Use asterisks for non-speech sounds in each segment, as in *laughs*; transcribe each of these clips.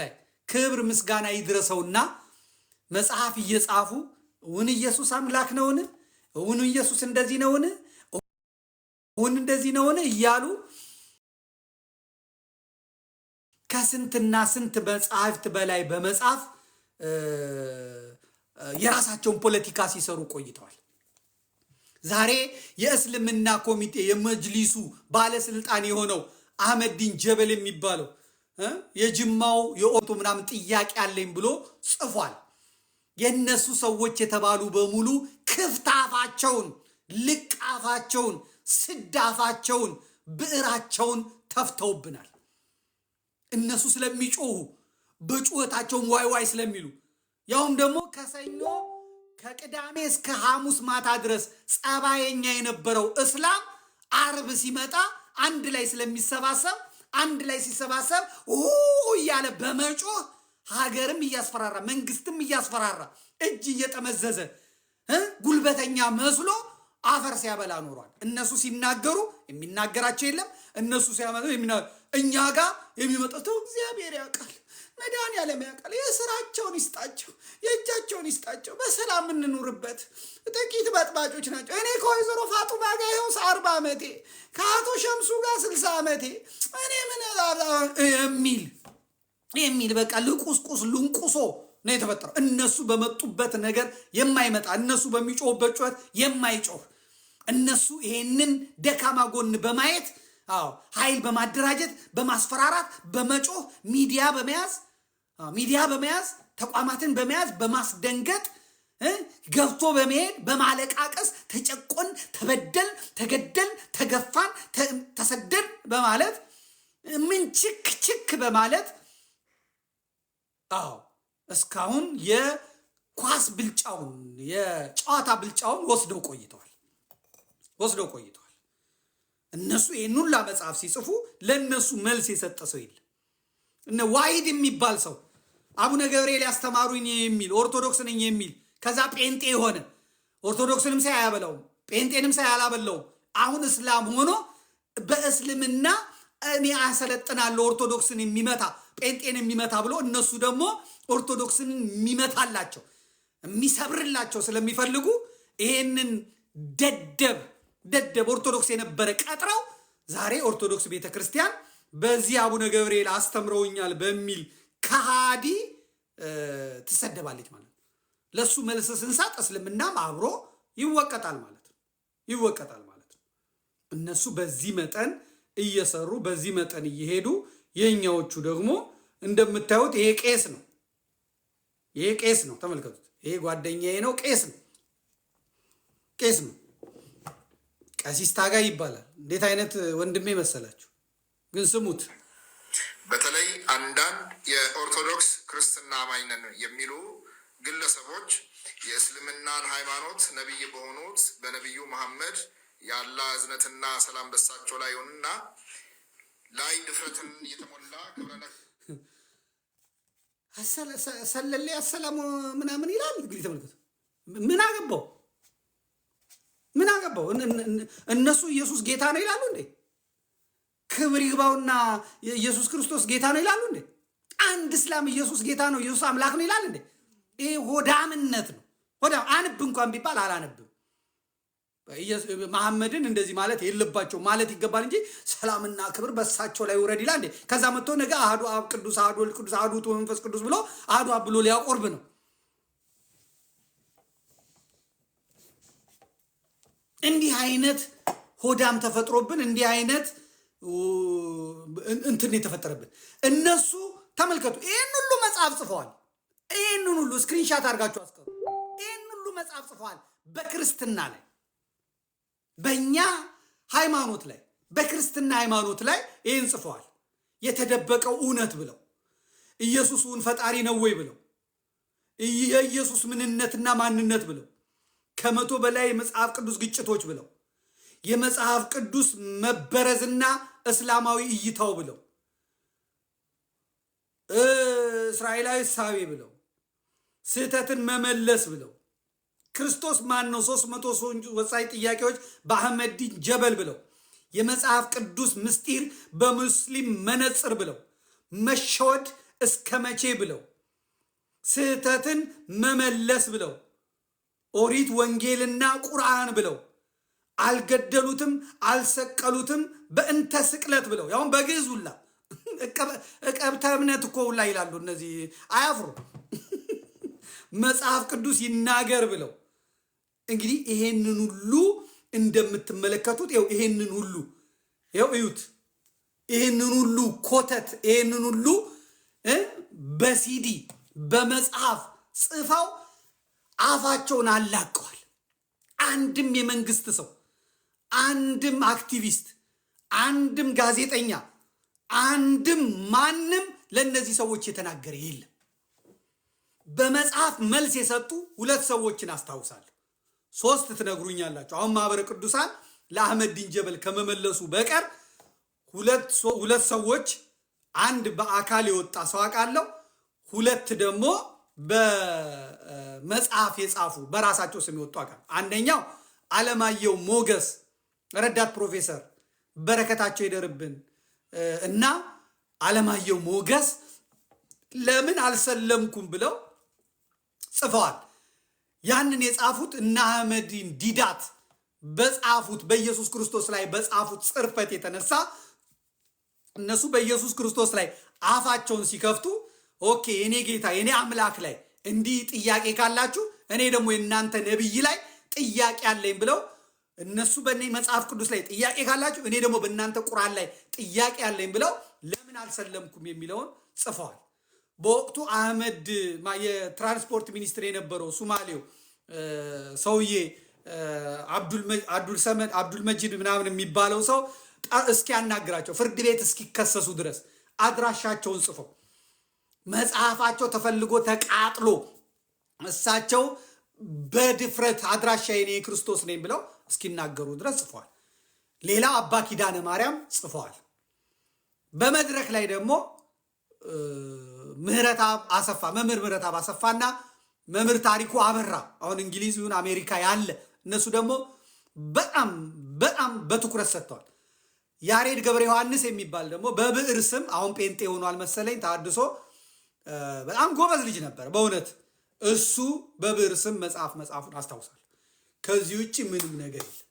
ላይ ክብር ምስጋና ይድረሰውና መጽሐፍ እየጻፉ እውን ኢየሱስ አምላክ ነውን? እውን ኢየሱስ እንደዚህ ነውን? እውን እንደዚህ ነውን? እያሉ ከስንትና ስንት መጽሐፍት በላይ በመጽሐፍ የራሳቸውን ፖለቲካ ሲሰሩ ቆይተዋል። ዛሬ የእስልምና ኮሚቴ የመጅሊሱ ባለስልጣን የሆነው አህመዲን ጀበል የሚባለው የጅማው የኦቶ ምናምን ጥያቄ አለኝ ብሎ ጽፏል። የእነሱ ሰዎች የተባሉ በሙሉ ክፍታፋቸውን፣ ልቃፋቸውን፣ ስዳፋቸውን፣ ብዕራቸውን ተፍተውብናል። እነሱ ስለሚጮሁ በጩኸታቸውን ዋይ ዋይ ስለሚሉ ያውም ደግሞ ከሰኞ ከቅዳሜ እስከ ሐሙስ ማታ ድረስ ጸባየኛ የነበረው እስላም አርብ ሲመጣ አንድ ላይ ስለሚሰባሰብ አንድ ላይ ሲሰባሰብ እያለ በመጮህ ሀገርም እያስፈራራ መንግስትም እያስፈራራ እጅ እየጠመዘዘ ጉልበተኛ መስሎ አፈር ሲያበላ ኖሯል። እነሱ ሲናገሩ የሚናገራቸው የለም። እነሱ ሲያመጡ እኛ ጋር የሚመጣው እግዚአብሔር ያውቃል። መድኃኒዓለም ያውቃል። የስራቸውን ይስጣቸው፣ የእጃቸውን ይስጣቸው። በሰላም እንኑርበት። ጥቂት በጥባጮች ናቸው። እኔ ከወይዘሮ ፋጡማ ጋር ይኸውስ አርባ ዓመቴ ከአቶ ሸምሱ ጋር ስልሳ ዓመቴ እኔ ምን የሚል የሚል በቃ ልቁስቁስ ልንቁሶ ነው የተፈጠረው። እነሱ በመጡበት ነገር የማይመጣ እነሱ በሚጮሁበት ጩኸት የማይጮህ እነሱ ይሄንን ደካማ ጎን በማየት አዎ ኃይል በማደራጀት በማስፈራራት በመጮህ ሚዲያ በመያዝ ሚዲያ በመያዝ ተቋማትን በመያዝ በማስደንገጥ ገብቶ በመሄድ በማለቃቀስ ተጨቆን፣ ተበደል፣ ተገደል፣ ተገፋን፣ ተሰደን በማለት ምን ችክ ችክ በማለት አዎ እስካሁን የኳስ ብልጫውን የጨዋታ ብልጫውን ወስደው ቆይተዋል ወስደው ቆይተዋል። እነሱ ይህን ሁላ መጽሐፍ ሲጽፉ ለእነሱ መልስ የሰጠ ሰው የለም። እነ ዋሂድ የሚባል ሰው አቡነ ገብርኤል ያስተማሩኝ የሚል ኦርቶዶክስ ነኝ የሚል ከዛ ጴንጤ የሆነ ኦርቶዶክስንም ሳይ አያበላውም ጴንጤንም ሳይ አላበላውም። አሁን እስላም ሆኖ በእስልምና እኔ አሰለጥናለሁ ኦርቶዶክስን የሚመታ ጴንጤን የሚመታ ብሎ እነሱ ደግሞ ኦርቶዶክስን የሚመታላቸው የሚሰብርላቸው ስለሚፈልጉ ይሄንን ደደብ ደደብ ኦርቶዶክስ የነበረ ቀጥረው ዛሬ ኦርቶዶክስ ቤተክርስቲያን በዚህ አቡነ ገብርኤል አስተምረውኛል በሚል ከሃዲ ትሰደባለች ማለት ነው። ለእሱ መልስ ስንሰጥ እስልምናም አብሮ ይወቀጣል ማለት ነው። ይወቀጣል ማለት ነው። እነሱ በዚህ መጠን እየሰሩ በዚህ መጠን እየሄዱ የእኛዎቹ ደግሞ እንደምታዩት ይሄ ቄስ ነው። ይሄ ቄስ ነው። ተመልከቱት። ይሄ ጓደኛዬ ነው። ቄስ ነው። ቄስ ነው። ቀሲስ ታጋይ ይባላል። እንዴት አይነት ወንድሜ መሰላችሁ! ግን ስሙት በተለይ አንዳንድ የኦርቶዶክስ ክርስትና አማኝ ነን የሚሉ ግለሰቦች የእስልምናን ሃይማኖት ነቢይ በሆኑት በነቢዩ መሐመድ ያላ እዝነትና ሰላም በሳቸው ላይ ይሁንና ላይ ድፍረትን እየተሞላ ክብረ አሰላሙ ምናምን ይላል። እንግዲህ ተመልከቱ። ምን አገባው? ምን አገባው? እነሱ ኢየሱስ ጌታ ነው ይላሉ እንዴ? ክብር ይግባውና ኢየሱስ ክርስቶስ ጌታ ነው ይላሉ እንዴ? አንድ እስላም ኢየሱስ ጌታ ነው ኢየሱስ አምላክ ነው ይላል እንዴ? ይህ ሆዳምነት ነው። ሆዳም አንብ እንኳን ቢባል አላነብም። መሐመድን እንደዚህ ማለት የለባቸው ማለት ይገባል እንጂ ሰላምና ክብር በሳቸው ላይ ውረድ ይላል እንዴ? ከዛ መጥቶ ነገ አህዱ አብ ቅዱስ አህዱ ወልድ ቅዱስ አህዱ ውእቱ መንፈስ ቅዱስ ብሎ አህዱ አብ ብሎ ሊያቆርብ ነው። እንዲህ አይነት ሆዳም ተፈጥሮብን እንዲህ አይነት እንትን የተፈጠረበት እነሱ ተመልከቱ። ይህን ሁሉ መጽሐፍ ጽፈዋል። ይህንን ሁሉ ስክሪንሻት አድርጋችሁ አስቀሩ። ይህን ሁሉ መጽሐፍ ጽፈዋል። በክርስትና ላይ በእኛ ሃይማኖት ላይ በክርስትና ሃይማኖት ላይ ይህን ጽፈዋል። የተደበቀው እውነት ብለው ኢየሱስ እውን ፈጣሪ ነው ወይ ብለው የኢየሱስ ምንነትና ማንነት ብለው ከመቶ በላይ የመጽሐፍ ቅዱስ ግጭቶች ብለው የመጽሐፍ ቅዱስ መበረዝና እስላማዊ እይታው ብለው እስራኤላዊ ሳቤ ብለው ስህተትን መመለስ ብለው ክርስቶስ ማን ነው ሶስት መቶ ወሳኝ ጥያቄዎች በአህመዲን ጀበል ብለው የመጽሐፍ ቅዱስ ምስጢር በሙስሊም መነጽር ብለው መሸወድ እስከ መቼ ብለው ስህተትን መመለስ ብለው ኦሪት ወንጌልና ቁርአን ብለው አልገደሉትም፣ አልሰቀሉትም በእንተ ስቅለት ብለው ያሁን በግዕዝ ሁላ እቀብተ እምነት እኮ ሁላ ይላሉ። እነዚህ አያፍሩ መጽሐፍ ቅዱስ ይናገር ብለው እንግዲህ ይሄንን ሁሉ እንደምትመለከቱት ው ይሄንን ሁሉ ው እዩት። ይሄንን ሁሉ ኮተት ይሄንን ሁሉ በሲዲ በመጽሐፍ ጽፈው አፋቸውን አላቀዋል። አንድም የመንግስት ሰው አንድም አክቲቪስት፣ አንድም ጋዜጠኛ፣ አንድም ማንም ለእነዚህ ሰዎች የተናገረ የለም። በመጽሐፍ መልስ የሰጡ ሁለት ሰዎችን አስታውሳለሁ። ሶስት ትነግሩኛላችሁ። አሁን ማህበረ ቅዱሳን ለአህመድ ዲን ጀበል ከመመለሱ በቀር ሁለት ሰዎች፣ አንድ በአካል የወጣ ሰው አውቃለሁ፣ ሁለት ደግሞ በመጽሐፍ የጻፉ በራሳቸው ስም የወጡ አውቃለሁ። አንደኛው አለማየሁ ሞገስ ረዳት ፕሮፌሰር በረከታቸው ይደርብን እና አለማየሁ ሞገስ ለምን አልሰለምኩም ብለው ጽፈዋል። ያንን የጻፉት እነ አህመዲን ዲዳት በጻፉት በኢየሱስ ክርስቶስ ላይ በጻፉት ጽርፈት የተነሳ እነሱ በኢየሱስ ክርስቶስ ላይ አፋቸውን ሲከፍቱ ኦኬ የኔ ጌታ የኔ አምላክ ላይ እንዲህ ጥያቄ ካላችሁ እኔ ደግሞ የእናንተ ነቢይ ላይ ጥያቄ አለኝ ብለው እነሱ በእኔ መጽሐፍ ቅዱስ ላይ ጥያቄ ካላችሁ እኔ ደግሞ በእናንተ ቁርአን ላይ ጥያቄ አለኝ ብለው ለምን አልሰለምኩም የሚለውን ጽፈዋል። በወቅቱ አህመድ የትራንስፖርት ሚኒስትር የነበረው ሱማሌው ሰውዬ አብዱልሰመድ አብዱልመጂድ ምናምን የሚባለው ሰው እስኪያናግራቸው ፍርድ ቤት እስኪከሰሱ ድረስ አድራሻቸውን ጽፈው መጽሐፋቸው ተፈልጎ ተቃጥሎ እሳቸው በድፍረት አድራሻ የኔ የክርስቶስ ነኝ ብለው እስኪናገሩ ድረስ ጽፏል። ሌላ አባ ኪዳነ ማርያም ጽፏል። በመድረክ ላይ ደግሞ ምህረተአብ አሰፋ መምህር ምህረተአብ አሰፋና መምህር ታሪኩ አበራ አሁን እንግሊዝ ይሁን አሜሪካ ያለ እነሱ ደግሞ በጣም በጣም በትኩረት ሰጥተዋል። ያሬድ ገብረ ዮሐንስ የሚባል ደግሞ በብዕር ስም አሁን ጴንጤ ሆኗል መሰለኝ ታድሶ በጣም ጎበዝ ልጅ ነበር በእውነት እሱ በብዕር ስም መጽሐፍ መጽሐፉን አስታውሳል። ከዚህ ውጭ ምንም ነገር የለም።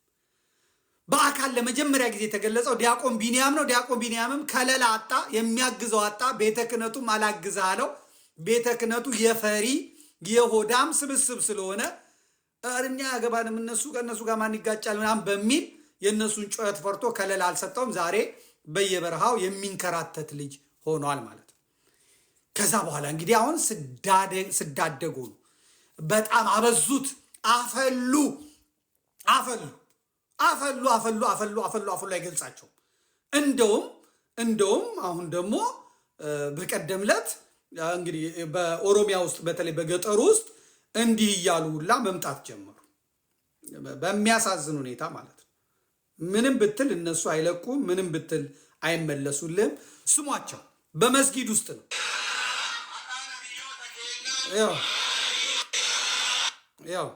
በአካል ለመጀመሪያ ጊዜ የተገለጸው ዲያቆን ቢንያም ነው። ዲያቆን ቢንያምም ከለላ አጣ፣ የሚያግዘው አጣ። ቤተ ክህነቱም አላግዛ አለው። ቤተ ክህነቱ የፈሪ የሆዳም ስብስብ ስለሆነ እኛ ያገባንም እነሱ ከእነሱ ጋር ማን ይጋጫል ምናምን በሚል የእነሱን ጩኸት ፈርቶ ከለላ አልሰጠውም። ዛሬ በየበረሃው የሚንከራተት ልጅ ሆኗል ማለት ነው። ከዛ በኋላ እንግዲህ አሁን ስዳደጉ ነው። በጣም አበዙት። አፈሉ አፈሉ አፈሉ አፈሉ አፈሉ አፈሉ አፈሉ አይገልጻቸውም። እንደውም እንደውም አሁን ደግሞ በቀደም ዕለት እንግዲህ በኦሮሚያ ውስጥ በተለይ በገጠሩ ውስጥ እንዲህ እያሉ ሁላ መምጣት ጀመሩ። በሚያሳዝን ሁኔታ ማለት ነው። ምንም ብትል እነሱ አይለቁም፣ ምንም ብትል አይመለሱልም። ስሟቸው በመስጊድ ውስጥ ነው። ያው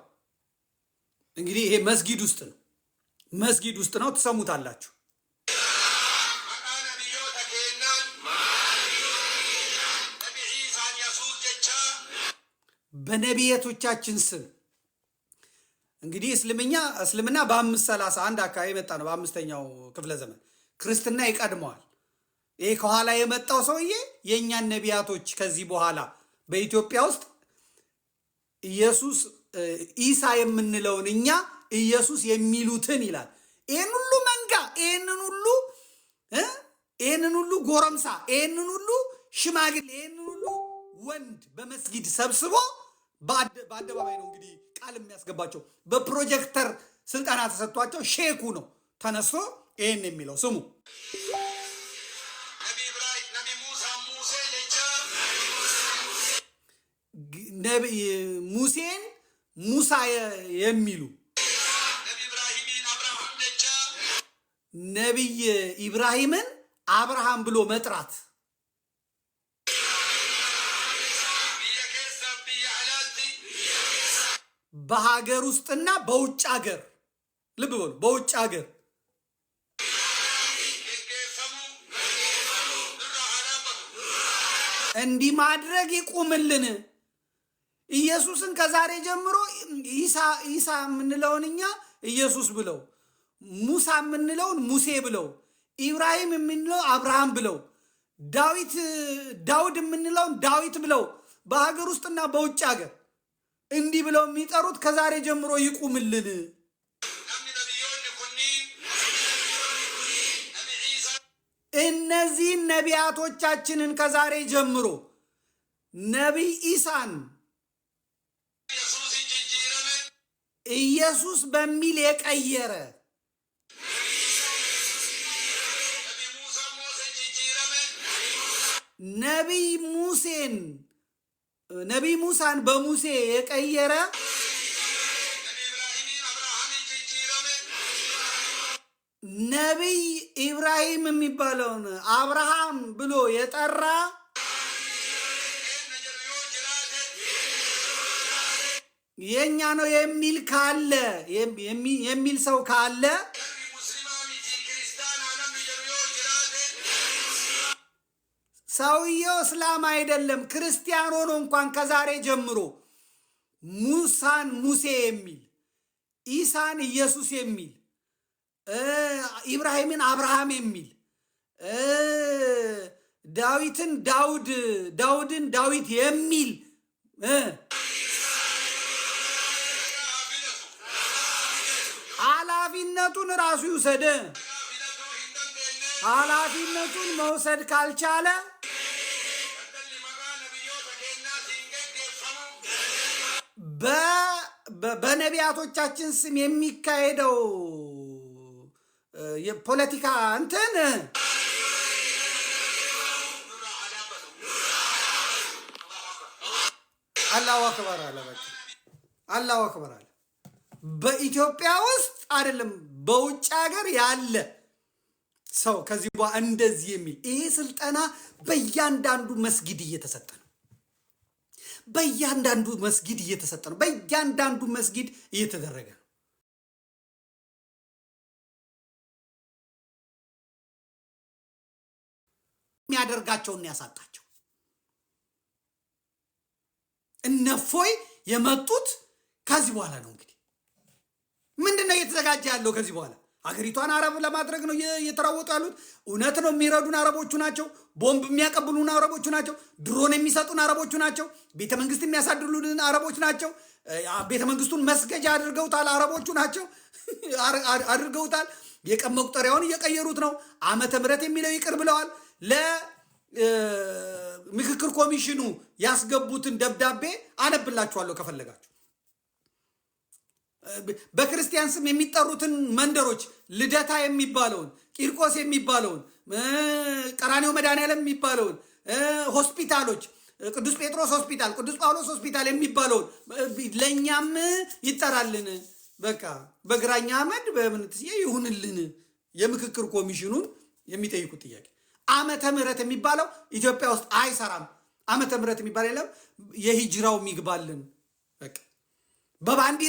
እንግዲህ ይሄ መስጊድ ውስጥ ነው፣ መስጊድ ውስጥ ነው። ትሰሙታላችሁ። በነቢየቶቻችን ስም እንግዲህ እስልምኛ እስልምና በአምስት ሰላሳ አንድ አካባቢ የመጣ ነው በአምስተኛው ክፍለ ዘመን ክርስትና ይቀድመዋል። ይሄ ከኋላ የመጣው ሰውዬ የእኛን ነቢያቶች ከዚህ በኋላ በኢትዮጵያ ውስጥ ኢየሱስ ኢሳ የምንለውን እኛ ኢየሱስ የሚሉትን ይላል። ይህን ሁሉ መንጋ፣ ይህንን ሁሉ ይህንን ሁሉ ጎረምሳ፣ ይህንን ሁሉ ሽማግሌ፣ ይህንን ሁሉ ወንድ በመስጊድ ሰብስቦ በአደባባይ ነው እንግዲህ ቃል የሚያስገባቸው። በፕሮጀክተር ስልጠና ተሰጥቷቸው ሼኩ ነው ተነስቶ ይህን የሚለው ስሙ ሙሴን ሙሳ የሚሉ ነቢይ ኢብራሂምን አብርሃም ብሎ መጥራት በሀገር ውስጥና በውጭ ሀገር ልብ በሉ፣ በውጭ ሀገር እንዲህ ማድረግ ይቁምልን። ኢየሱስን ከዛሬ ጀምሮ ኢሳ የምንለውን እኛ ኢየሱስ ብለው፣ ሙሳ የምንለውን ሙሴ ብለው፣ ኢብራሂም የምንለው አብርሃም ብለው፣ ዳዊት ዳውድ የምንለውን ዳዊት ብለው በሀገር ውስጥና በውጭ ሀገር እንዲህ ብለው የሚጠሩት ከዛሬ ጀምሮ ይቁምልን። እነዚህን ነቢያቶቻችንን ከዛሬ ጀምሮ ነቢይ ኢሳን ኢየሱስ በሚል የቀየረ ነቢይ ሙሴን ነቢይ ሙሳን በሙሴ የቀየረ ነቢይ ኢብራሂም የሚባለውን አብርሃም ብሎ የጠራ የኛ ነው የሚል ካለ የሚል ሰው ካለ ሰውየው እስላም አይደለም ክርስቲያን ሆኖ እንኳን ከዛሬ ጀምሮ ሙሳን ሙሴ የሚል ኢሳን ኢየሱስ የሚል ኢብራሂምን አብርሃም የሚል ዳዊትን ዳውድ ዳውድን ዳዊት የሚል ኃላፊነቱን ራሱ ይውሰድ ኃላፊነቱን መውሰድ ካልቻለ በነቢያቶቻችን ስም የሚካሄደው የፖለቲካ እንትን አላሁ አክበር አለ። በቃ አላሁ አክበር አለ። በኢትዮጵያ ውስጥ አይደለም በውጭ ሀገር ያለ ሰው ከዚህ በኋላ እንደዚህ የሚል ይሄ ስልጠና በእያንዳንዱ መስጊድ እየተሰጠ ነው። በእያንዳንዱ መስጊድ እየተሰጠ ነው። በእያንዳንዱ መስጊድ እየተደረገ ነው። የሚያደርጋቸውን ያሳጣቸው። እነፎይ የመጡት ከዚህ በኋላ ነው እንግዲህ ምንድን ነው እየተዘጋጀ ያለው? ከዚህ በኋላ አገሪቷን አረብ ለማድረግ ነው እየተራወጡ ያሉት። እውነት ነው። የሚረዱን አረቦቹ ናቸው። ቦምብ የሚያቀብሉን አረቦቹ ናቸው። ድሮን የሚሰጡን አረቦቹ ናቸው። ቤተ መንግስት የሚያሳድሉልን አረቦች ናቸው። ቤተ መንግስቱን መስገጃ አድርገውታል አረቦቹ ናቸው *laughs* አድርገውታል። የቀን መቁጠሪያውን እየቀየሩት ነው። ዓመተ ምሕረት የሚለው ይቅር ብለዋል። ለምክክር ኮሚሽኑ ያስገቡትን ደብዳቤ አነብላችኋለሁ ከፈለጋችሁ። በክርስቲያን ስም የሚጠሩትን መንደሮች ልደታ የሚባለውን ቂርቆስ የሚባለውን ቀራኔው መድኃኔዓለም የሚባለውን ሆስፒታሎች ቅዱስ ጴጥሮስ ሆስፒታል፣ ቅዱስ ጳውሎስ ሆስፒታል የሚባለውን ለእኛም ይጠራልን። በቃ በግራኛ አመድ በምንትስዬ ይሁንልን። የምክክር ኮሚሽኑን የሚጠይቁት ጥያቄ ዓመተ ምሕረት የሚባለው ኢትዮጵያ ውስጥ አይሰራም። ዓመተ ምሕረት የሚባል የለም። የሂጅራው ይግባልን በቃ በባንዲ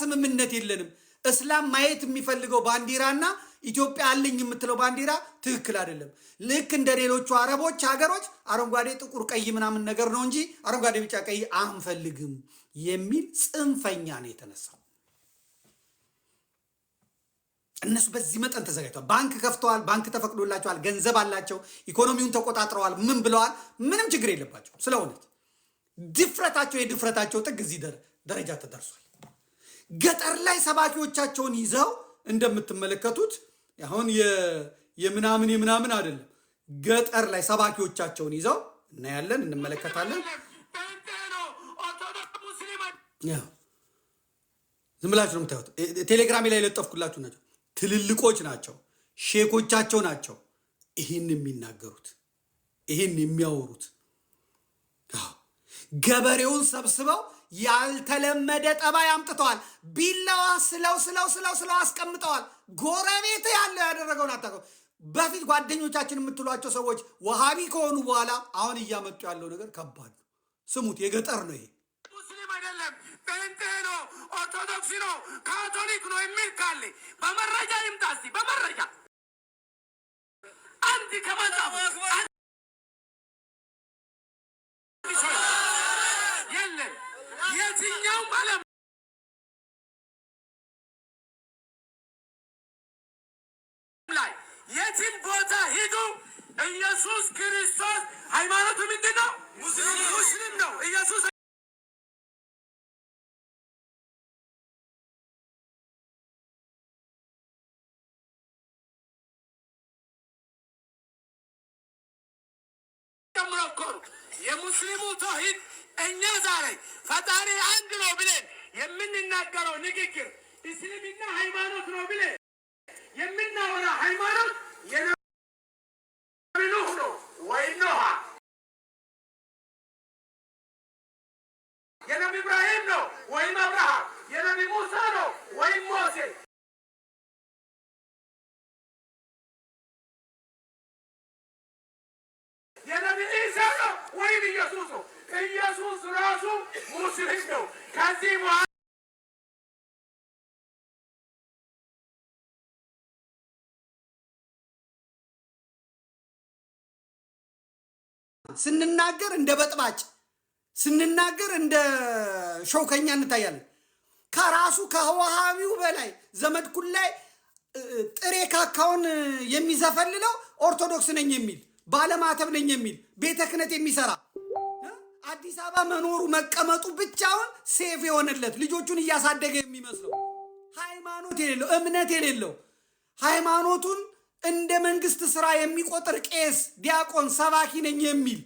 ስምምነት የለንም። እስላም ማየት የሚፈልገው ባንዲራና ኢትዮጵያ አለኝ የምትለው ባንዲራ ትክክል አይደለም። ልክ እንደ ሌሎቹ አረቦች ሀገሮች አረንጓዴ፣ ጥቁር፣ ቀይ ምናምን ነገር ነው እንጂ አረንጓዴ፣ ቢጫ፣ ቀይ አንፈልግም የሚል ጽንፈኛ ነው የተነሳው። እነሱ በዚህ መጠን ተዘጋጅተዋል። ባንክ ከፍተዋል። ባንክ ተፈቅዶላቸዋል። ገንዘብ አላቸው። ኢኮኖሚውን ተቆጣጥረዋል። ምን ብለዋል? ምንም ችግር የለባቸው። እውነት ድፍረታቸው የድፍረታቸው ጥግ እዚህ ደረጃ ተደርሷል። ገጠር ላይ ሰባኪዎቻቸውን ይዘው እንደምትመለከቱት አሁን የምናምን የምናምን አይደለም። ገጠር ላይ ሰባኪዎቻቸውን ይዘው እናያለን፣ እንመለከታለን። ዝም ብላችሁ ነው የምታዩት። ቴሌግራሜ ላይ የለጠፍኩላችሁ ናቸው። ትልልቆች ናቸው፣ ሼኮቻቸው ናቸው። ይህን የሚናገሩት ይህን የሚያወሩት ገበሬውን ሰብስበው ያልተለመደ ጠባይ አምጥተዋል። ቢላዋ ስለው ስለው ስለው ስለው አስቀምጠዋል። ጎረቤት ያለው ያደረገውን አታውቀው። በፊት ጓደኞቻችን የምትሏቸው ሰዎች ውሃቢ ከሆኑ በኋላ አሁን እያመጡ ያለው ነገር ከባድ ነው። ስሙት፣ የገጠር ነው ይሄ። ሙስሊም አይደለም ጴንጤ ነው፣ ኦርቶዶክስ ነው፣ ካቶሊክ ነው የሚል ካለ በመረጃ ይምጣ። እስኪ በመረጃ አንድ ከመጣ የትኛው ዓለም ላይ የትን ቦታ ሂዱ፣ ኢየሱስ ክርስቶስ ሃይማኖቱ ምንድን ነው? ሙስሊም ነው። ኢየሱስ የሙስሊሙ ተውሂድ እኛ ዛሬ ፈጣሪ አንድ ነው ብለን የምንናገረው ንግግር እስልምና ሃይማኖት ነው ብለን የምናወራ ሃይማኖት የነብዩ ኑህ ነው ወይ ኖሃ ራሱ ሙስሊም ነው። ከዚህ በኋላ ስንናገር እንደ በጥባጭ ስንናገር እንደ ሾከኛ እንታያለን። ከራሱ ከዋሃቢው በላይ ዘመድ ላይ ጥሬ ካካውን የሚዘፈልለው ኦርቶዶክስ ነኝ የሚል ባለማተብ ነኝ የሚል ቤተ ክህነት የሚሰራ አዲስ አበባ መኖሩ መቀመጡ ብቻውን ሴፍ የሆነለት ልጆቹን እያሳደገ የሚመስለው ሃይማኖት የሌለው እምነት የሌለው ሃይማኖቱን እንደ መንግስት ስራ የሚቆጥር ቄስ፣ ዲያቆን፣ ሰባኪ ነኝ የሚል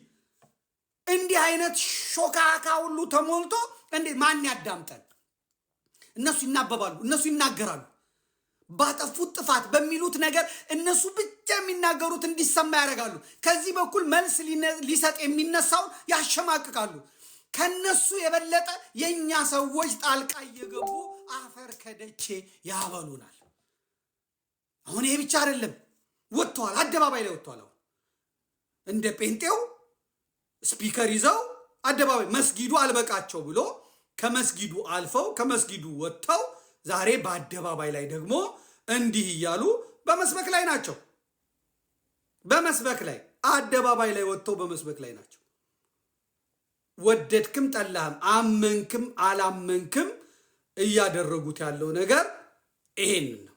እንዲህ አይነት ሾካካ ሁሉ ተሞልቶ እንዴት ማን ያዳምጠን? እነሱ ይናበባሉ፣ እነሱ ይናገራሉ። ባጠፉት ጥፋት በሚሉት ነገር እነሱ ብቻ የሚናገሩት እንዲሰማ ያደርጋሉ። ከዚህ በኩል መልስ ሊሰጥ የሚነሳውን ያሸማቅቃሉ። ከነሱ የበለጠ የእኛ ሰዎች ጣልቃ እየገቡ አፈር ከደቼ ያበሉናል። አሁን ይሄ ብቻ አይደለም፣ ወጥተዋል፣ አደባባይ ላይ ወጥተዋል። አሁን እንደ ጴንጤው ስፒከር ይዘው አደባባይ መስጊዱ አልበቃቸው ብሎ ከመስጊዱ አልፈው ከመስጊዱ ወጥተው ዛሬ በአደባባይ ላይ ደግሞ እንዲህ እያሉ በመስበክ ላይ ናቸው። በመስበክ ላይ አደባባይ ላይ ወጥተው በመስበክ ላይ ናቸው። ወደድክም ጠላህም፣ አመንክም አላመንክም እያደረጉት ያለው ነገር ይሄን ነው።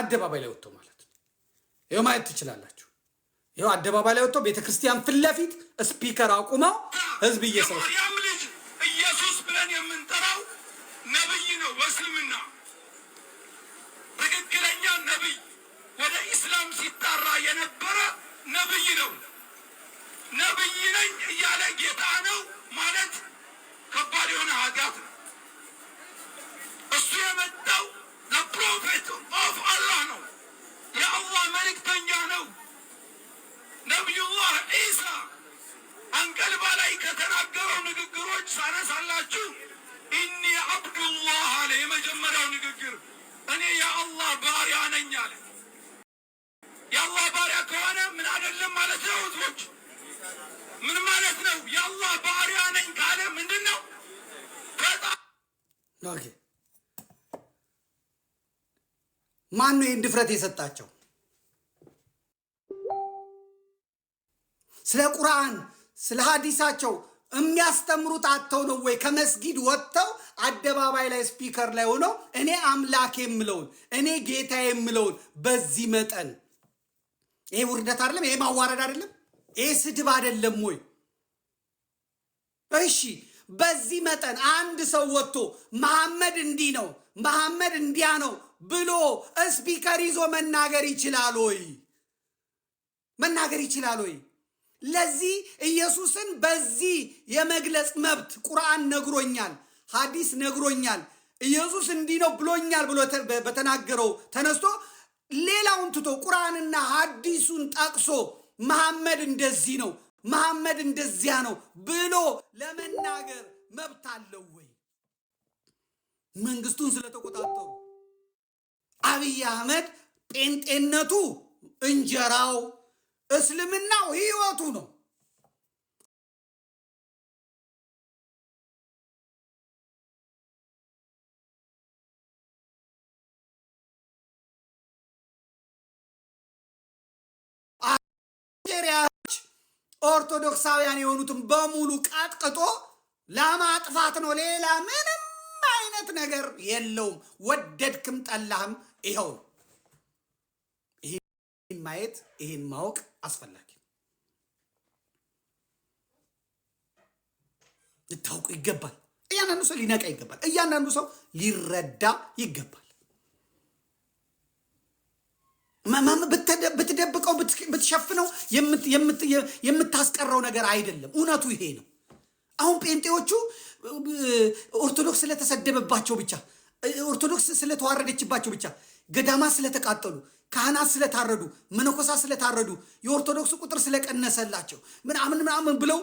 አደባባይ ላይ ወጥተው ማለት ነው። ይኸው ማየት ትችላላችሁ። ይኸው አደባባይ ላይ ወጥተው ቤተክርስቲያን ፊት ለፊት ስፒከር አቁመው ህዝብ እየሰበሰቡ ነው በእስልምና ትክክለኛ ነቢይ ወደ ኢስላም ሲጠራ የነበረ ነቢይ ነው። ነቢይ ነኝ እያለ ጌታ ነው ማለት ከባድ የሆነ ኃጢአት ነው። እሱ የመጣው ለፕሮፌት ኦፍ አላህ ነው፣ የአላህ መልእክተኛ ነው። ነቢዩላህ ኢሳ አንቀልባ ላይ ከተናገረው ንግግሮች ሳነሳላችሁ አብዱላህ አለ። የመጀመሪያው ንግግር እኔ የአላህ ባሪያ ነኝ አለ። የአላህ ባሪያ ከሆነ ምን አይደለም ማለት ነው? ህዝቦች ምን ማለት ነው? የአላህ ባሪያ ነኝ ካለ ምንድን ነው? ማን ነው ይህን ድፍረት የሰጣቸው? ስለ ቁርአን ስለ ሀዲሳቸው የሚያስተምሩት አጥተው ነው ወይ ከመስጊድ ወጥተው አደባባይ ላይ ስፒከር ላይ ሆኖ እኔ አምላክ የምለውን እኔ ጌታ የምለውን በዚህ መጠን ይሄ ውርደት አይደለም? ይሄ ማዋረድ አይደለም? ይሄ ስድብ አይደለም ወይ? እሺ በዚህ መጠን አንድ ሰው ወጥቶ መሐመድ እንዲህ ነው መሐመድ እንዲያ ነው ብሎ ስፒከር ይዞ መናገር ይችላል ወይ? መናገር ይችላል ወይ? ለዚህ ኢየሱስን በዚህ የመግለጽ መብት ቁርአን ነግሮኛል። ሐዲስ ነግሮኛል፣ ኢየሱስ እንዲህ ነው ብሎኛል ብሎ በተናገረው ተነስቶ ሌላውን ትቶ ቁርአንና ሐዲሱን ጠቅሶ መሐመድ እንደዚህ ነው መሐመድ እንደዚያ ነው ብሎ ለመናገር መብት አለው ወይ? መንግስቱን ስለተቆጣጠሩ አብይ አህመድ ጴንጤነቱ እንጀራው፣ እስልምናው ህይወቱ ነው። ነቢያቶች ኦርቶዶክሳውያን የሆኑትን በሙሉ ቀጥቅጦ ለማጥፋት ነው። ሌላ ምንም አይነት ነገር የለውም። ወደድክም ጠላህም ይኸው። ይህን ማየት ይህን ማወቅ አስፈላጊ ልታውቁ ይገባል። እያንዳንዱ ሰው ሊነቃ ይገባል። እያንዳንዱ ሰው ሊረዳ ይገባል። ብትደብቀው ብትሸፍነው የምታስቀረው ነገር አይደለም። እውነቱ ይሄ ነው። አሁን ጴንጤዎቹ ኦርቶዶክስ ስለተሰደበባቸው ብቻ፣ ኦርቶዶክስ ስለተዋረደችባቸው ብቻ፣ ገዳማት ስለተቃጠሉ፣ ካህናት ስለታረዱ፣ መነኮሳት ስለታረዱ፣ የኦርቶዶክስ ቁጥር ስለቀነሰላቸው ምናምን ምናምን ብለው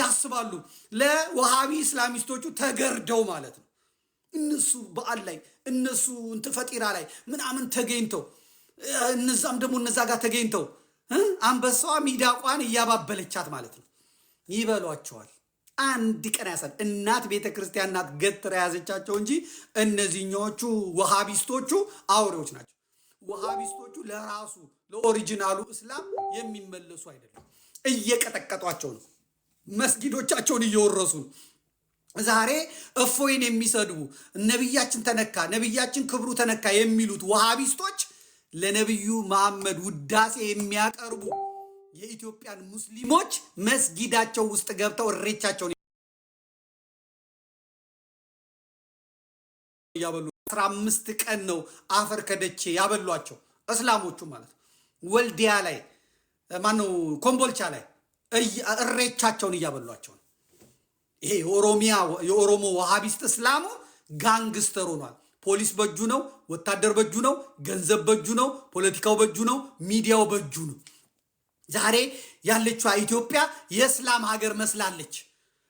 ያስባሉ። ለወሃቢ እስላሚስቶቹ ተገርደው ማለት ነው። እነሱ በዓል ላይ እነሱ እንትን ፈጢራ ላይ ምናምን ተገኝተው እነዛም ደግሞ እነዛ ጋር ተገኝተው አንበሳዋ ሚዳቋን እያባበለቻት ማለት ነው። ይበሏቸዋል። አንድ ቀን ያሳል እናት ቤተ ክርስቲያን ናት ገትር የያዘቻቸው እንጂ እነዚህኛዎቹ ወሃቢስቶቹ አውሬዎች ናቸው። ወሃቢስቶቹ ለራሱ ለኦሪጂናሉ እስላም የሚመለሱ አይደለም። እየቀጠቀጧቸው ነው። መስጊዶቻቸውን እየወረሱ ነው። ዛሬ እፎይን የሚሰድቡ ነቢያችን ተነካ፣ ነቢያችን ክብሩ ተነካ የሚሉት ወሃቢስቶች ለነቢዩ መሐመድ ውዳሴ የሚያቀርቡ የኢትዮጵያን ሙስሊሞች መስጊዳቸው ውስጥ ገብተው እሬቻቸውን እያበሉ አስራ አምስት ቀን ነው አፈር ከደቼ ያበሏቸው እስላሞቹ ማለት ወልዲያ ላይ ማነው ኮምቦልቻ ላይ እሬቻቸውን እያበሏቸው ነው። ይሄ የኦሮሚያ የኦሮሞ ዋሃቢስት እስላሙ ጋንግስተር ሆኗል። ፖሊስ በእጁ ነው፣ ወታደር በእጁ ነው፣ ገንዘብ በእጁ ነው፣ ፖለቲካው በእጁ ነው፣ ሚዲያው በእጁ ነው። ዛሬ ያለችዋ ኢትዮጵያ የእስላም ሀገር መስላለች።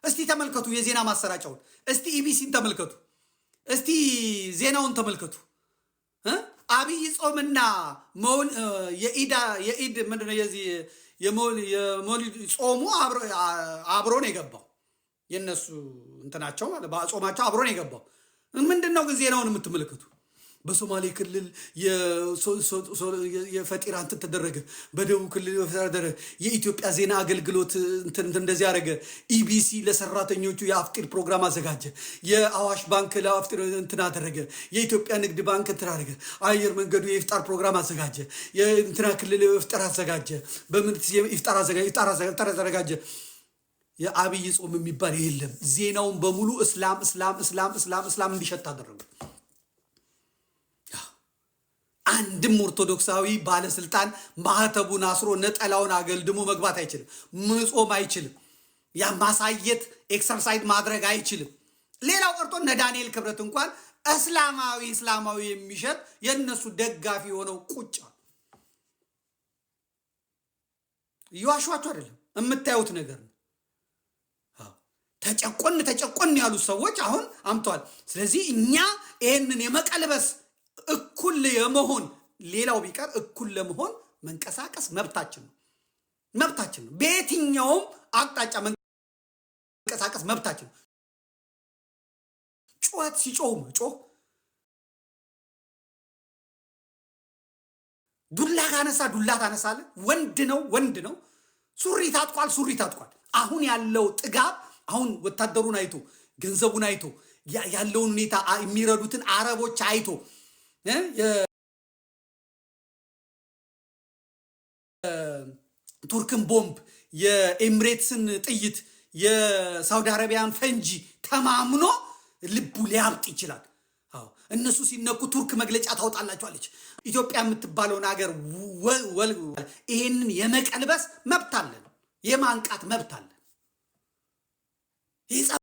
እስቲ ተመልከቱ የዜና ማሰራጫውን፣ እስቲ ኢቢሲን ተመልከቱ፣ እስቲ ዜናውን ተመልከቱ። አብይ ጾምና የኢድ ምንድነው የዚህ የመውሊድ ጾሙ አብሮ ነው የገባው የነሱ እንትናቸው ጾማቸው አብሮ ነው የገባው። ምንድን ነው ግን ዜናውን የምትመለከቱ? በሶማሌ ክልል የፈጢራ እንትን ተደረገ፣ በደቡብ ክልል ተደረገ። የኢትዮጵያ ዜና አገልግሎት እንደዚህ ያደረገ፣ ኢቢሲ ለሰራተኞቹ የአፍጢር ፕሮግራም አዘጋጀ፣ የአዋሽ ባንክ ለአፍጢር እንትን አደረገ፣ የኢትዮጵያ ንግድ ባንክ እንትን አደረገ፣ አየር መንገዱ የኢፍጣር ፕሮግራም አዘጋጀ፣ የእንትና ክልል የኢፍጣር አዘጋጀ፣ በምን ኢፍጣር አዘጋጀ የአብይ ጾም የሚባል የለም። ዜናውን በሙሉ እስላም እስላም እስላም እስላም እስላም እንዲሸት አደረጉ። አንድም ኦርቶዶክሳዊ ባለስልጣን ማህተቡን አስሮ ነጠላውን አገልድሞ መግባት አይችልም። ምጾም አይችልም። ያ ማሳየት ኤክሰርሳይዝ ማድረግ አይችልም። ሌላው ቀርቶ እነ ዳንኤል ክብረት እንኳን እስላማዊ እስላማዊ የሚሸጥ የእነሱ ደጋፊ የሆነው ቁጫ እየዋሿቸው አይደለም፣ የምታዩት ነገር ነው። ተጨቆን ተጨቆን ያሉ ሰዎች አሁን አምተዋል። ስለዚህ እኛ ይህንን የመቀልበስ እኩል የመሆን ሌላው ቢቀር እኩል ለመሆን መንቀሳቀስ መብታችን ነው መብታችን ነው። በየትኛውም አቅጣጫ መንቀሳቀስ መብታችን ነው። ጩኸት ሲጮህ መጮህ፣ ዱላ ካነሳ ዱላ ታነሳለህ። ወንድ ነው ወንድ ነው። ሱሪ ታጥቋል ሱሪ ታጥቋል። አሁን ያለው ጥጋብ አሁን ወታደሩን አይቶ ገንዘቡን አይቶ ያለውን ሁኔታ የሚረዱትን አረቦች አይቶ የቱርክን ቦምብ፣ የኤምሬትስን ጥይት፣ የሳውዲ አረቢያን ፈንጂ ተማምኖ ልቡ ሊያብጥ ይችላል። እነሱ ሲነኩ ቱርክ መግለጫ ታወጣላቸዋለች። ኢትዮጵያ የምትባለውን ሀገር ይሄንን የመቀልበስ መብት አለን፣ የማንቃት መብት አለን። He's a